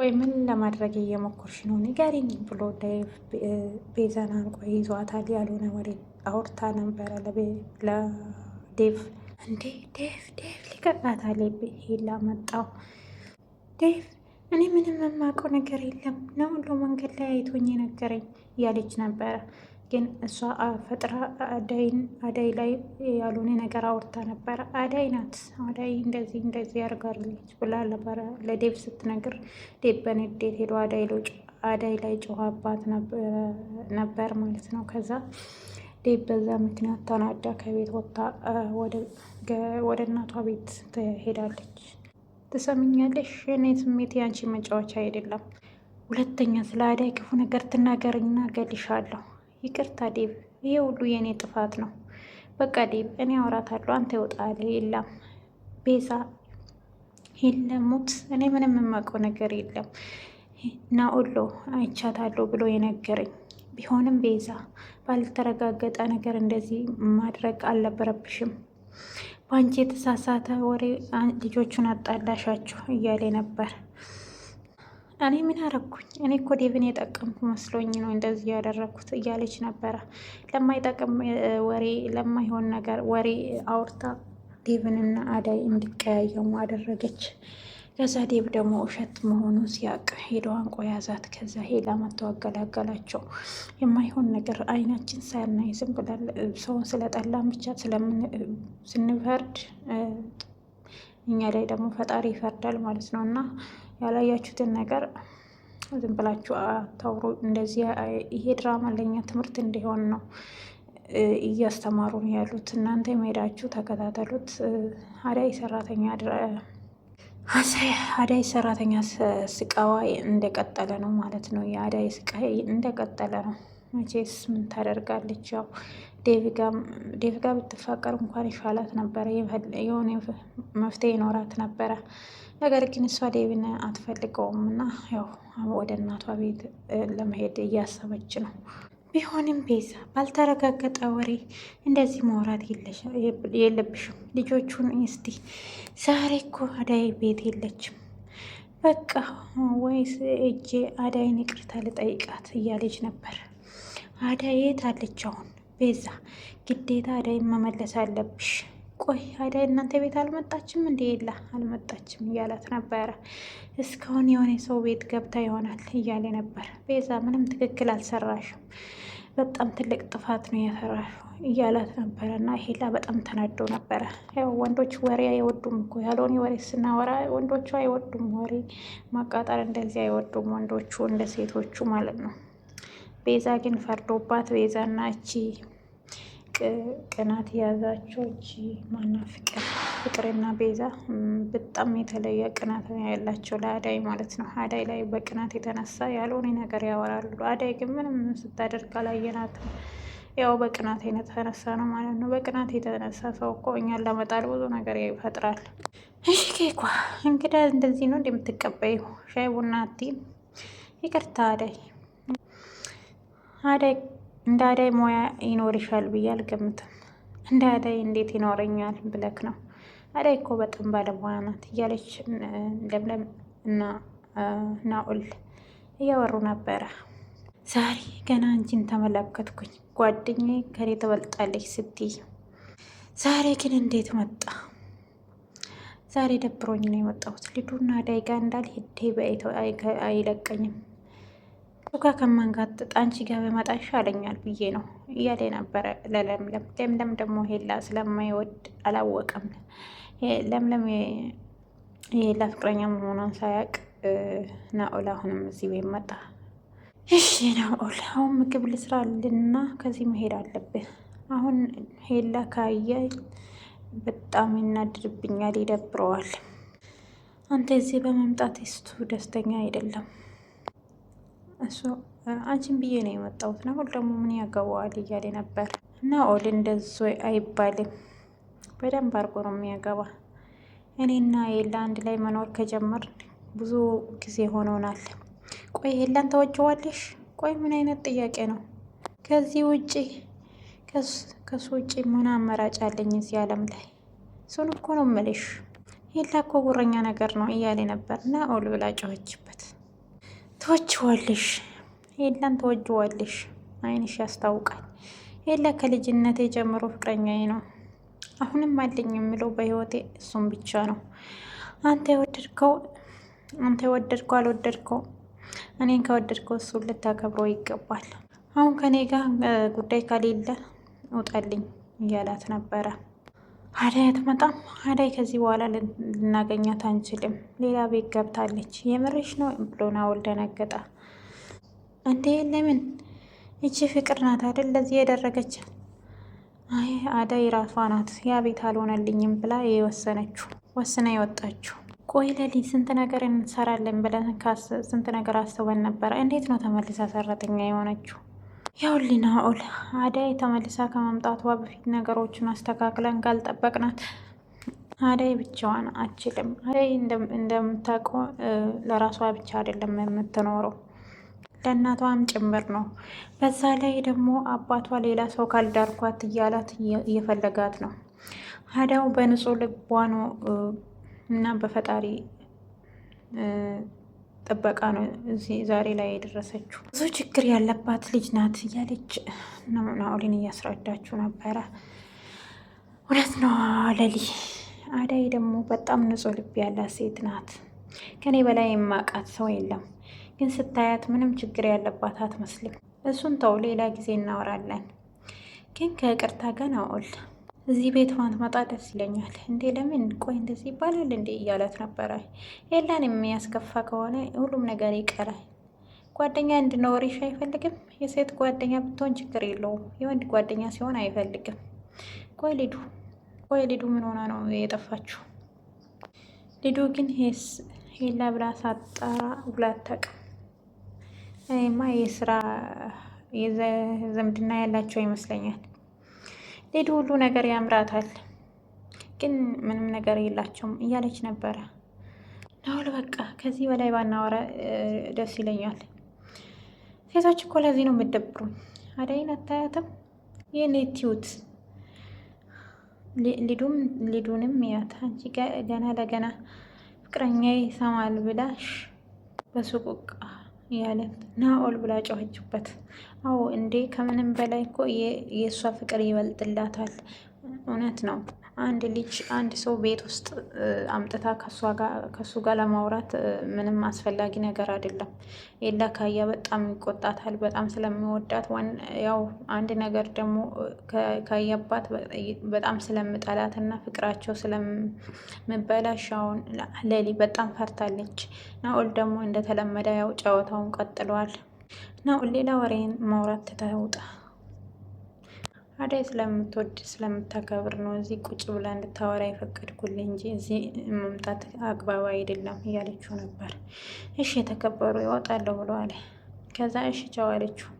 ቆይ ምን ለማድረግ እየሞከርሽ ነው? ንገሪኝ ብሎ ቤዛን አንቆ ይዟታል። ያልሆነ ወሬ አውርታ ነበረ ለዴቭ። እንዴ ዴቭ ዴቭ ሊቀጣታል። ሄላ መጣው ዴቭ እኔ ምንም የማውቀው ነገር የለም ነው ሁሉ መንገድ ላይ አይቶኝ ነገረኝ እያለች ነበረ ግን እሷ ፈጥራ አዳይን አዳይ ላይ ያልሆነ ነገር አውርታ ነበረ። አዳይ ናት አዳይ እንደዚህ እንደዚህ ያርጋለች ብላ ነበረ ለዴብ ስትነግር፣ ዴብ በንዴት ሄዶ አዳይ ለውጭ አዳይ ላይ አባት ነበር ማለት ነው። ከዛ ዴብ በዛ ምክንያት ተናዳ ከቤት ወጥታ ወደ እናቷ ቤት ትሄዳለች። ትሰምኛለሽ፣ እኔ ስሜት ያንቺ መጫወቻ አይደለም። ሁለተኛ ስለ አዳይ ክፉ ነገር ትናገርኝና እገልሻለሁ ይቅርታ ዴብ፣ ይሄ ሁሉ የእኔ ጥፋት ነው። በቃ ዴብ፣ እኔ አወራታለሁ፣ አንተ ይወጣል። የለም ቤዛ፣ የለሙት እኔ ምንም የማውቀው ነገር የለም። እና ኦሎ አይቻታለሁ ብሎ የነገረኝ ቢሆንም ቤዛ፣ ባልተረጋገጠ ነገር እንደዚህ ማድረግ አልነበረብሽም። በአንቺ የተሳሳተ ወሬ ልጆቹን አጣላሻቸው እያለ ነበር እኔ ምን አረግኩኝ? እኔ እኮ ዴቭን የጠቀምኩ መስሎኝ ነው እንደዚህ ያደረግኩት እያለች ነበረ። ለማይጠቅም ወሬ፣ ለማይሆን ነገር ወሬ አውርታ ዴቭንና አዳይ እንዲቀያየሙ አደረገች። ከዛ ዴቭ ደግሞ ውሸት መሆኑን ሲያቅ ሄዶ አንቆ ያዛት። ከዛ ሄዳ መተው አገላገላቸው። የማይሆን ነገር አይናችን ሳያናይ ዝም ብለን ሰውን ስለጠላን ብቻ ስንፈርድ እኛ ላይ ደግሞ ፈጣሪ ይፈርዳል ማለት ነው። እና ያላያችሁትን ነገር ዝም ብላችሁ አታውሩ። እንደዚህ ይሄ ድራማ ለእኛ ትምህርት እንዲሆን ነው እያስተማሩ ነው ያሉት። እናንተ የመሄዳችሁ ተከታተሉት። አዳይ ሰራተኛ አዳይ ሰራተኛ ስቃዋ እንደቀጠለ ነው ማለት ነው። የአዳይ ስቃይ እንደቀጠለ ነው። መቼስ ምን ታደርጋለች? ያው ዴቪ ጋር ብትፋቀር እንኳን ይሻላት ነበረ፣ የሆነ መፍትሄ ይኖራት ነበረ። ነገር ግን እሷ ዴቪን አትፈልገውም እና ያው ወደ እናቷ ቤት ለመሄድ እያሰበች ነው። ቢሆንም ቤዛ ባልተረጋገጠ ወሬ እንደዚህ ማውራት የለብሽም። ልጆቹን እስቲ ዛሬ እኮ አዳይ ቤት የለችም በቃ ወይስ እጄ አዳይን ይቅርታ ልጠይቃት እያለች ነበር። አዳይ የት አለች አሁን? ቤዛ ግዴታ አዳይ መመለስ አለብሽ። ቆይ አዳይ እናንተ ቤት አልመጣችም እንዴ? የላ አልመጣችም እያላት ነበረ። እስካሁን የሆነ ሰው ቤት ገብታ ይሆናል እያለ ነበር። ቤዛ ምንም ትክክል አልሰራሽም፣ በጣም ትልቅ ጥፋት ነው ያሰራሽው እያላት ነበረ እና ሄላ በጣም ተናዶ ነበረ። ያው ወንዶች ወሬ አይወዱም እኮ ያልሆነ ወሬ ስናወራ ወንዶቹ አይወዱም። ወሬ ማቃጠር እንደዚህ አይወዱም ወንዶቹ እንደ ሴቶቹ ማለት ነው። ቤዛ ግን ፈርዶባት እና እቺ ቅናት የያዛቸው እቺ ማና ፍቅር ፍቅርና ቤዛ በጣም የተለየ ቅናት ያላቸው ለአዳይ ማለት ነው። አዳይ ላይ በቅናት የተነሳ ያልሆነ ነገር ያወራሉ። አዳይ ግን ምንም ስታደርግ አላየናትም። ያው በቅናት የተነሳ ነው ማለት ነው። በቅናት የተነሳ ሰው እኮ እኛን ለመጣል ብዙ ነገር ይፈጥራል። እሺ ኬኳ እንግዳ እንደዚህ ነው እንደምትቀበይ ሻይ ቡና አቲም ይቅርታ አዳይ አዳይ እንደ አዳይ ሙያ ይኖርሻል ብዬ አልገምትም። እንደ አዳይ እንዴት ይኖረኛል ብለክ ነው? አዳይ እኮ በጣም ባለሙያ ናት እያለች ለምለም እና ናኡል እያወሩ ነበረ። ዛሬ ገና አንቺን ተመለከትኩኝ። ጓደኛዬ ከኔ ትበልጣለች ስትይ ዛሬ ግን እንዴት መጣ? ዛሬ ደብሮኝ ነው የመጣሁት። ልዱና አዳይ ጋ እንዳልሄድ አይለቀኝም ሱጋ ከማንጋጥጥ አንቺ ጋር በመጣ ይሻለኛል ብዬ ነው እያለ ነበረ ለለምለም። ለምለም ደግሞ ሄላ ስለማይወድ አላወቀም። ለምለም የሄላ ፍቅረኛ መሆኗን ሳያውቅ ናኦል አሁንም እዚህ ወይም መጣ። እሺ ናኦል፣ አሁን ምግብ ልስራልና ከዚህ መሄድ አለብን። አሁን ሄላ ካየ በጣም ይናድርብኛል፣ ይደብረዋል። አንተ እዚህ በመምጣት ስቱ ደስተኛ አይደለም እሱ አንቺን ብዬ ነው የመጣሁት ናሁል ደግሞ ምን ያገባዋል እያለ ነበር እና ኦል እንደዙ አይባልም በደንብ አርጎ ነው የሚያገባ እኔና የላ አንድ ላይ መኖር ከጀመር ብዙ ጊዜ ሆኖናል ቆይ የላን ተወጀዋለሽ ቆይ ምን አይነት ጥያቄ ነው ከዚህ ውጪ ከሱ ውጪ ምን አመራጭ አለኝ እዚህ ዓለም ላይ እሱን እኮ ነው የምልሽ የላ እኮ ጉረኛ ነገር ነው እያለ ነበር እና ኦል ብላ ጮኸችበት ተወጅዋለሽ ኤላን ተወጅዋለሽ፣ አይንሽ ያስታውቃል። ኤላ ከልጅነቴ ጀምሮ ፍቅረኛዬ ነው። አሁንም አለኝ የምለው በህይወቴ እሱም ብቻ ነው። አንተ የወደድከው አንተ የወደድከው አልወደድከው እኔን ከወደድከው እሱ ልታከብረው ይገባል። አሁን ከኔ ጋር ጉዳይ ከሌለ እውጣልኝ እያላት ነበረ። አደይ አትመጣም። አደይ ከዚህ በኋላ ልናገኛት አንችልም። ሌላ ቤት ገብታለች። የምርሽ ነው ብሎ ናውል ደነገጠ። እንዴ ለምን? ይቺ ፍቅር ናት አይደል ለዚህ የደረገች? አይ አደይ ራሷ ናት ያ ቤት አልሆነልኝም ብላ የወሰነችው ወስና የወጣችው። ቆይ ለሊ ስንት ነገር እንሰራለን ብለን ስንት ነገር አስበን ነበር። እንዴት ነው ተመልሳ ሰራተኛ የሆነችው? ያው ናኦል አዳይ ተመልሳ ከመምጣቷ በፊት ነገሮችን አስተካክለን ካልጠበቅናት አዳይ ብቻዋን አችልም። አዳይ እንደምታውቀው ለራሷ ብቻ አይደለም የምትኖረው ለእናቷም ጭምር ነው። በዛ ላይ ደግሞ አባቷ ሌላ ሰው ካልዳርኳት እያላት እየፈለጋት ነው። አዳው በንጹህ ልቧ ነው እና በፈጣሪ ጥበቃ ነው እዚህ ዛሬ ላይ የደረሰችው። ብዙ ችግር ያለባት ልጅ ናት እያለች ናኦልን እያስረዳችው ነበረ። እውነት ነው ለሊ። አዳይ ደግሞ በጣም ንጹሕ ልብ ያላት ሴት ናት። ከኔ በላይ የማውቃት ሰው የለም፣ ግን ስታያት ምንም ችግር ያለባት አትመስልም። እሱን ተው፣ ሌላ ጊዜ እናወራለን። ግን ከይቅርታ ጋር ናኦል እዚህ ቤት ባትመጣ ደስ ይለኛል። እንዴ ለምን ቆይ እንደዚህ ይባላል እንዴ እያላት ነበረ። ኤላን የሚያስከፋ ከሆነ ሁሉም ነገር ይቀራል። ጓደኛ እንድኖርሽ አይፈልግም። የሴት ጓደኛ ብትሆን ችግር የለውም። የወንድ ጓደኛ ሲሆን አይፈልግም። ቆይ ልዱ ቆይ ልዱ ምን ሆና ነው የጠፋችው? ልዱ ግን ሄላ ብላ ሳጣራ ውላት ታውቅም። ማ የስራ የዘምድና ያላቸው ይመስለኛል ሌዲ ሁሉ ነገር ያምራታል፣ ግን ምንም ነገር የላቸውም እያለች ነበረ። ናሁል በቃ ከዚህ በላይ ባናወራ ደስ ይለኛል። ሴቶች እኮ ለዚህ ነው የምትደብሩኝ። አዳይን አታያትም? ይህን ቲዩት ሊዱም ሊዱንም ያት አንቺ ገና ለገና ፍቅረኛ ይሰማል ብላሽ በሱቁቅ እያለ ናኦል ብላ ጮኸችበት። አዎ እንዴ ከምንም በላይ እኮ የእሷ ፍቅር ይበልጥላታል። እውነት ነው። አንድ ልጅ አንድ ሰው ቤት ውስጥ አምጥታ ከሱ ጋር ለማውራት ምንም አስፈላጊ ነገር አይደለም። ኤላ ካያ በጣም ይቆጣታል፣ በጣም ስለሚወዳት ያው አንድ ነገር ደግሞ ከያባት በጣም ስለምጠላት እና ፍቅራቸው ስለምበላሻውን ሌሊ በጣም ፈርታለች። ናኦል ደግሞ እንደተለመደ ያው ጨዋታውን ቀጥሏል። ነው። ሌላ ወሬን ማውራት ተታውጣ አደይ ስለምትወድ ስለምታከብር ነው እዚህ ቁጭ ብላ እንድታወራ የፈቀድኩልህ እንጂ እዚህ መምጣት አግባብ አይደለም እያለችው ነበር። እሺ የተከበሩ ይወጣለሁ ብሎ አለ። ከዛ እሺ ቻው አለችው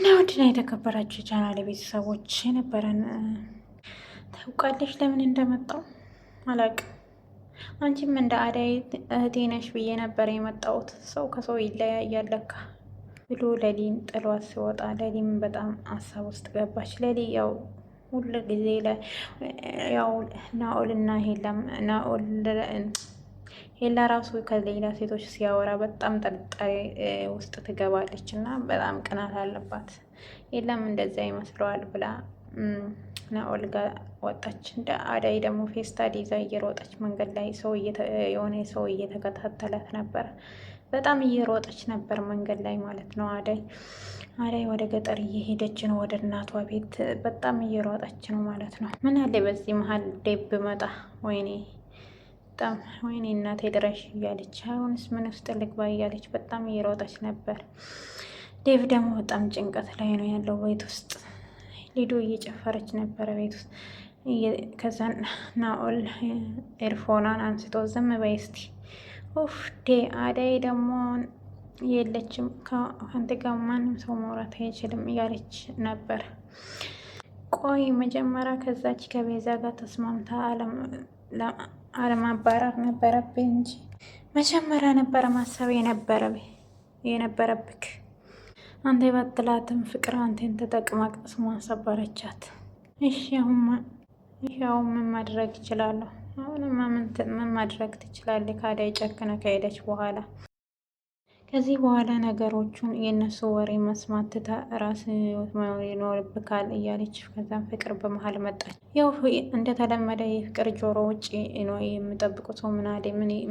እና ውድና የተከበራችሁ ቻናል ቤተሰቦች የነበረን ታውቃለች። ለምን እንደመጣው አላውቅም። አንቺም እንደ አዳይ እህቴ ነሽ ብዬ ነበር የመጣሁት። ሰው ከሰው ይለያያል ለካ። ብሎ ለሊን ጥሏት ሲወጣ ለሊም በጣም ሀሳብ ውስጥ ገባች። ለሊ ያው ሁሉ ጊዜ ያው ናኦልና ናኦል ሄላ ራሱ ከሌላ ሴቶች ሲያወራ በጣም ጥርጣሬ ውስጥ ትገባለች እና በጣም ቅናት አለባት። ሄላም እንደዚያ ይመስለዋል ብላ እና ኦልጋ ወጣች። እንደ አዳይ ደግሞ ፌስታል ይዛ እየሮጠች መንገድ ላይ ሰው የሆነ ሰው እየተከታተላት ነበር። በጣም እየሮጠች ነበር መንገድ ላይ ማለት ነው። አዳይ አዳይ ወደ ገጠር እየሄደች ነው፣ ወደ እናቷ ቤት በጣም እየሮጠች ነው ማለት ነው። ምን አለ በዚህ መሀል ዴብ መጣ። ወይኔ በጣም ወይኔ እናቴ ድረሽ እያለች አሁንስ ምን ውስጥ ልግባ እያለች በጣም እየሮጠች ነበር። ዴቭ ደግሞ በጣም ጭንቀት ላይ ነው ያለው ቤት ውስጥ ሊዱ እየጨፈረች ነበረ ቤት ውስጥ። ከዛን ናኦል ኤርፎናን አንስቶ ዝም በይ እስቲ ኡፍዴ አደይ ደግሞ የለችም ከአንተ ጋር ማንም ሰው መውራት አይችልም እያለች ነበር። ቆይ መጀመሪያ ከዛች ከቤዛ ጋር ተስማምታ አለማባረር ነበረብህ እንጂ መጀመሪያ ነበረ ማሰብ የነበረብክ አንተ የበጥላትን ፍቅር አንተን ተጠቅማ ቅስሟን ሰበረቻት። እሺ አሁን ምን ማድረግ ይችላለሁ? አሁንማ ምን ማድረግ ትችላለህ? ካዳይ ጨክነ ከሄደች በኋላ ከዚህ በኋላ ነገሮቹን የእነሱ ወሬ መስማት ትታ ራስ ይኖርብካል እያለች ከዛም ፍቅር በመሀል መጣች። ያው እንደተለመደ የፍቅር ጆሮ ውጭ ነው የምጠብቁት ሰው ምናዴ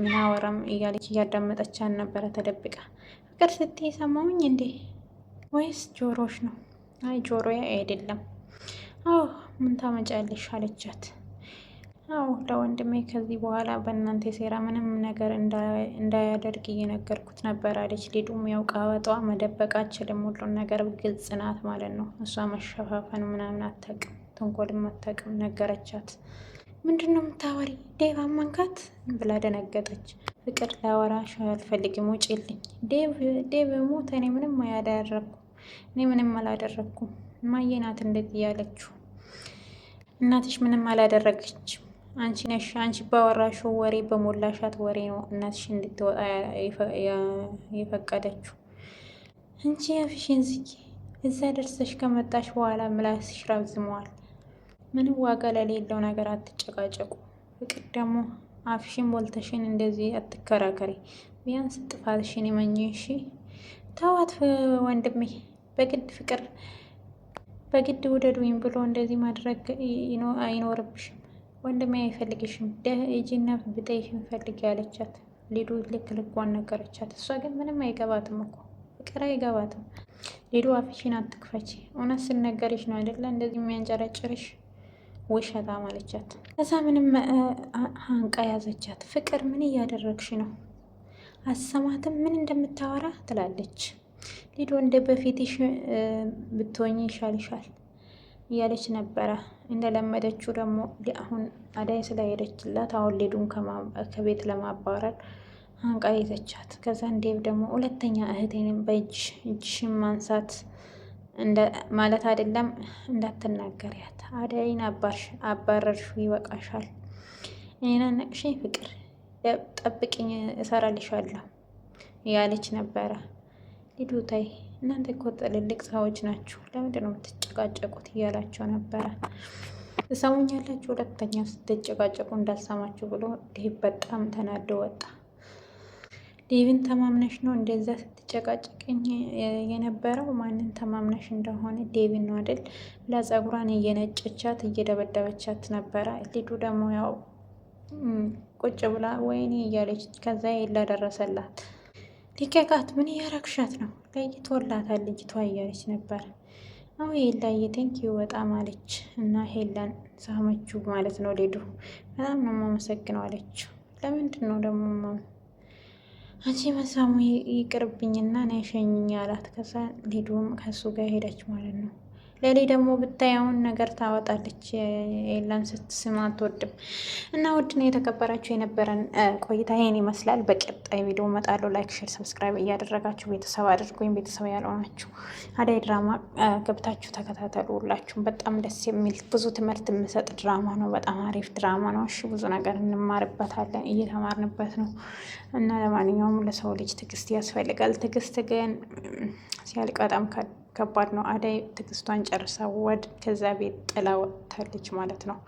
ምናወራም እያለች እያዳመጠች ነበረ ተደብቃ ፍቅር ስትይ ሰማውኝ እንዴ ወይስ ጆሮሽ ነው? አይ ጆሮ አይደለም። አዎ ምን ታመጫለሽ አለቻት። አዎ ለወንድሜ ከዚህ በኋላ በእናንተ ሴራ ምንም ነገር እንዳያደርግ እየነገርኩት ነበር አለች። ሊዱም ያው ቃበጧ መደበቅ አችልም፣ ሁሉን ነገር ግልጽ ናት ማለት ነው። እሷ መሸፋፈን ምናምን አታውቅም፣ ተንኮልም አታውቅም ነገረቻት። ምንድን ነው የምታወሪ ዴቭ አመንካት ብላ ደነገጠች። ፍቅር ላወራሽ አልፈልግም፣ ውጪልኝ። ዴቭ ሞተ፣ እኔ ምንም አላደረግኩ እኔ ምንም አላደረግኩም። እማዬ ናት እንደዚህ እያለችው፣ እናትሽ ምንም አላደረገች። አንቺ ነሽ አንቺ ባወራሽው ወሬ በሞላሻት ወሬ ነው እናትሽ እንድትወጣ የፈቀደችው። አንቺ አፍሽን ዝጊ። እዛ ደርሰሽ ከመጣሽ በኋላ ምላስሽ ረዝሟል። ምንም ዋጋ ለሌለው ነገር አትጨቃጨቁ። ፍቅር ደግሞ አፍሽን ሞልተሽን እንደዚህ አትከራከሪ። ቢያንስ ጥፋትሽን የመኝ እሺ። ተዋት ወንድሜ፣ በግድ ፍቅር በግድ ውደዱኝ ብሎ እንደዚህ ማድረግ አይኖርብሽም። ወንድሜ አይፈልግሽም፣ ሂጂና ብጠይሽን ፈልጊ አለቻት። ሊዱ ልክ ልኳን ነገረቻት። እሷ ግን ምንም አይገባትም እኮ ፍቅር አይገባትም። ሊዱ አፍሽን አትክፈች፣ እውነት ስነገርሽ ነው አይደለ እንደዚህ የሚያንጨረጭርሽ ውሸታ ማለቻት። ከዛ ምንም አንቃ ያዘቻት። ፍቅር ምን እያደረግሽ ነው? አሰማትም ምን እንደምታወራ ትላለች። ሊዶ እንደ በፊትሽ ብትሆኝ ይሻልሻል እያለች ነበረ። እንደለመደችው ደግሞ አሁን አዳይ ስለሄደችላት አሁን ሊዱን ከቤት ለማባረር አንቃ ይዘቻት። ከዛ እንዴብ ደግሞ ሁለተኛ እህቴንም በእጅ እጅሽን ማንሳት ማለት አይደለም እንዳትናገሪያት። አደይን አባርሽ አባረርሽ ይበቃሻል። እኔን ፍቅር ጠብቅኝ እሰራልሻለሁ እያለች ነበረ። ሂዱ እናንተ እኮ ትልልቅ ሰዎች ናችሁ፣ ለምንድን ነው የምትጨቃጨቁት? እያላቸው ነበረ። ትሰሙኛላችሁ ሁለተኛ ስትጨቃጨቁ እንዳልሰማችሁ ብሎ ይህ በጣም ተናዶ ወጣ። ዴቪን ተማምነሽ ነው እንደዛ ስትጨቃጨቅኝ የነበረው? ማንን ተማምነሽ እንደሆነ ዴቪን ነው አይደል? ለጸጉሯን እየነጨቻት እየደበደበቻት ነበረ። ልጁ ደግሞ ያው ቁጭ ብላ ወይኔ እያለች ከዛ ላደረሰላት ሊቀቃት ምን እያረግሻት ነው? ለይቶላታል ልጅቷ እያለች ነበር። አሁ ሄላ የቴንኪው በጣም ማለች እና ሄላን ሳመችው ማለት ነው። ሌዱ በጣም ነው የማመሰግነው አለችው። ለምንድን ነው ደግሞ አንቺ መሳሙ ይቅርብኝና ና አላት። ከዛ ሊዱም ከሱ ጋር ሄደች ማለት ነው። ለሌ ደግሞ ብታየውን ነገር ታወጣለች። የለም ስትስም አትወድም። እና ውድን የተከበራችሁ የነበረን ቆይታ ይህን ይመስላል። በቀጣይ ቪዲዮ እመጣለሁ። ላይክ፣ ሼር፣ ሰብስክራይብ እያደረጋችሁ ቤተሰብ አድርጉኝ። ቤተሰብ ያልሆናችሁ አደይ ድራማ ገብታችሁ ተከታተሉ። ሁላችሁም በጣም ደስ የሚል ብዙ ትምህርት የምሰጥ ድራማ ነው። በጣም አሪፍ ድራማ ነው። እሺ ብዙ ነገር እንማርበታለን፣ እየተማርንበት ነው እና ለማንኛውም ለሰው ልጅ ትዕግስት ያስፈልጋል። ትዕግስት ግን ሲያልቅ በጣም ከባድ ነው። አደይ ትግስቷን ጨርሳ ወድ ከዛ ቤት ጥላ ወጥታለች ማለት ነው።